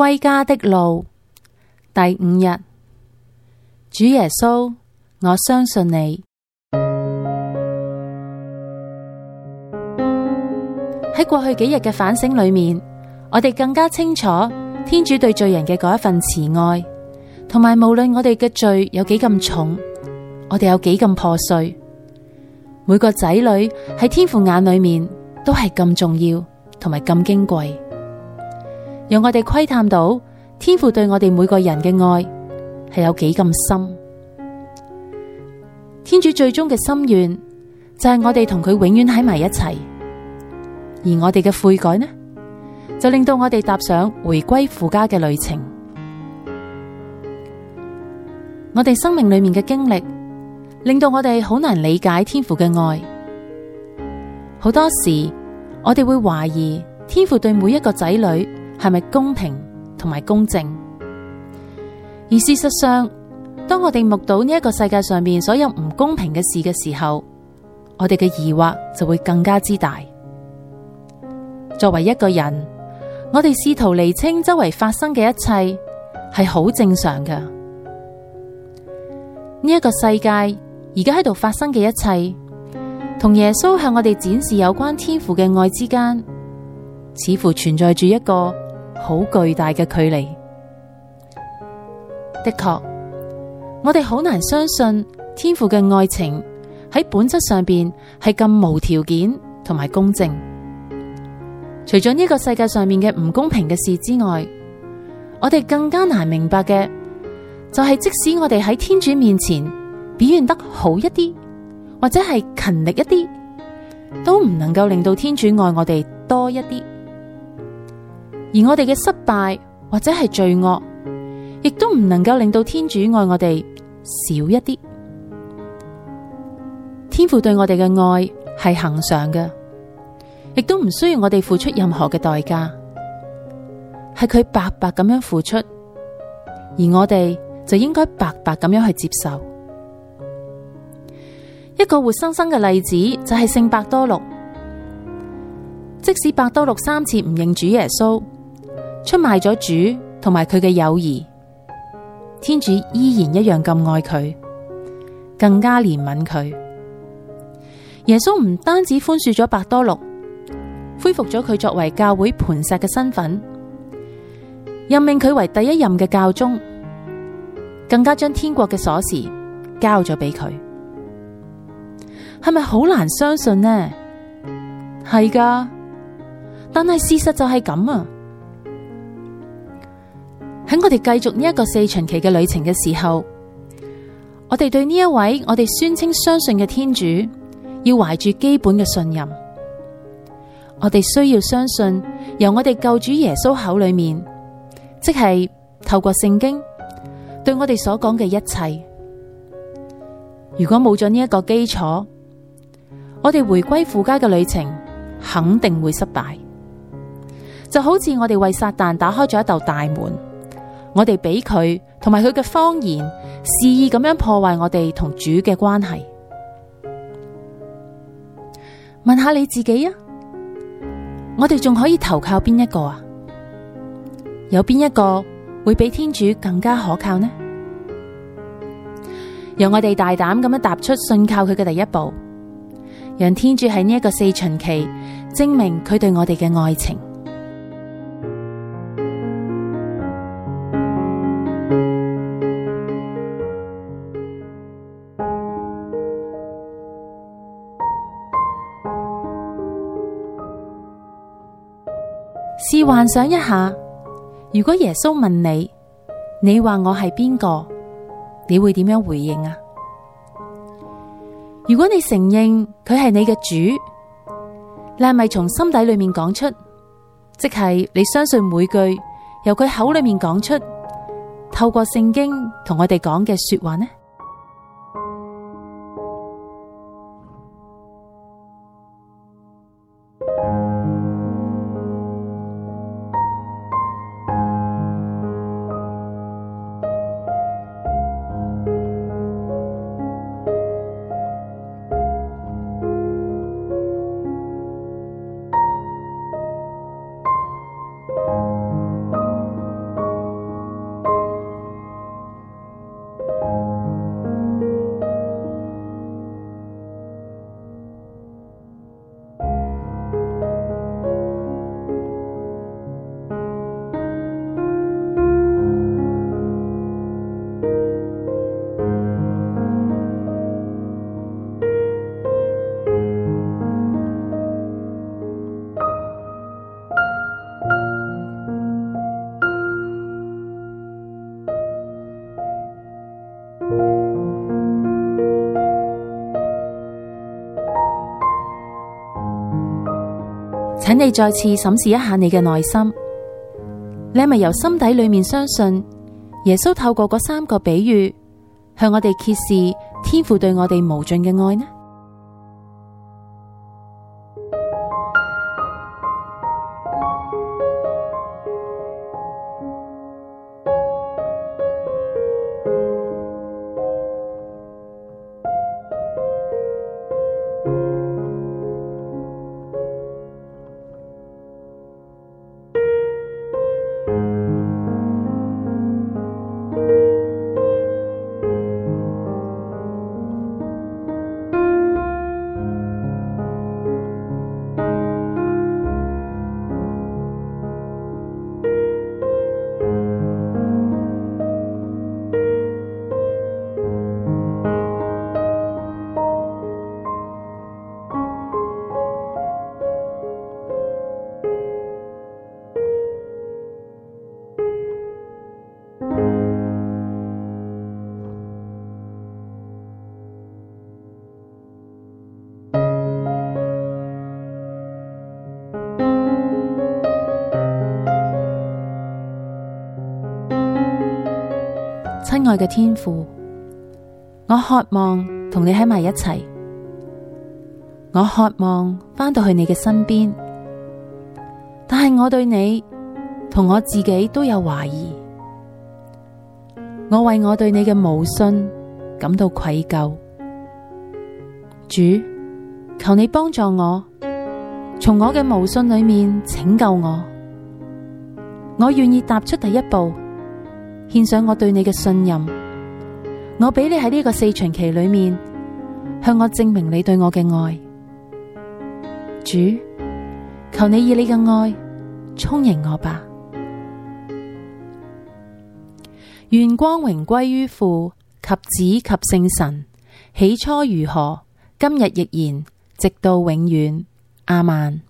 歸家的路，第五日，主耶穌，我相信祢。喺 過去幾日嘅反省裏面，我哋更加清楚天主對罪人嘅嗰一份慈愛，同埋無論我哋嘅罪有幾咁重，我哋有幾咁破碎，每個仔女喺天父眼裏面都係咁重要，同埋咁矜貴。讓我哋窺探到天父對我哋每個人嘅愛係有幾咁深。天主最終嘅心願就係我哋同佢永遠喺埋一齊，而我哋嘅悔改呢，就令到我哋踏上回歸父家嘅旅程。我哋生命裏面嘅經歷令到我哋好難理解天父嘅愛，好多時我哋會懷疑天父對每一個仔女係咪公平同埋公正？而事實上，當我哋目睹呢一個世界上面所有唔公平嘅事嘅時候，我哋嘅疑惑就會更加之大。作為一個人，我哋試圖釐清周圍發生嘅一切，係好正常嘅。呢一個世界而家喺度發生嘅一切，同耶穌向我哋展示有關天父嘅愛之間，似乎存在住一個好巨大嘅距離。的確，我哋好難相信天父嘅愛情喺本質上邊係咁無條件同埋公正。除咗呢個世界上面嘅唔公平嘅事之外，我哋更加難明白嘅就係，即使我哋喺天主面前表現得好一啲，或者係勤力一啲，都唔能夠令到天主愛我哋多一啲。而我哋嘅失敗或者係罪惡，亦都唔能夠令到天主愛我哋少一啲。天父對我哋嘅愛係恆常嘅，亦都唔需要我哋付出任何嘅代價，係佢白白咁樣付出，而我哋就應該白白咁樣去接受。一個活生生嘅例子就係聖伯多祿，即使伯多祿三次唔認主耶穌。出賣咗主同埋佢嘅友誼，天主依然一樣咁愛佢，更加憐憫佢。耶穌唔單止寬恕咗伯多祿，恢復咗佢作為教會磐石嘅身份，任命佢為第一任嘅教宗，更加將天國嘅鎖匙交咗俾佢。係咪好難相信呢？係噶，但係事實就係咁啊！喺我哋繼續呢一個四旬期嘅旅程嘅時候，我哋對呢一位我哋宣稱相信嘅天主要懷住基本嘅信任。我哋需要相信由我哋救主耶穌口裏面，即係透過聖經對我哋所講嘅一切。如果冇咗呢一個基礎，我哋回歸父家嘅旅程肯定會失敗，就好似我哋為撒旦打開咗一道大門。我哋俾佢同埋佢嘅謊言，肆意咁樣破壞我哋同主嘅關係。問下你自己啊，我哋仲可以投靠邊一個啊？有邊一個會比天主更加可靠呢？讓我哋大膽咁樣踏出信靠佢嘅第一步，讓天主喺呢一個四旬期證明佢對我哋嘅愛情。你幻想一下，如果耶穌問你，你話我係邊個，你會點樣回應啊？如果你承認佢係你嘅主，你係咪從心底裏面講出，即係你相信每句由佢口裏面講出，透過聖經同我哋講嘅說話呢？請你再次審視一下你嘅內心，你係咪由心底裏面相信耶穌透過嗰三個比喻向我哋揭示天父對我哋無盡嘅愛呢？親愛嘅天父，我渴望同你喺埋一齊，我渴望翻到去你嘅身邊，但係我對你同我自己都有懷疑，我為我對你嘅無信感到愧疚。主，求你幫助我，從我嘅無信裏面拯救我，我願意踏出第一步。獻上我對你嘅信任，我俾你喺呢個四旬期裏面，向我證明你對我嘅愛。主，求你以你嘅愛充盈我吧。願光榮歸於父及子及聖神，起初如何，今日亦然，直到永遠。亞孟。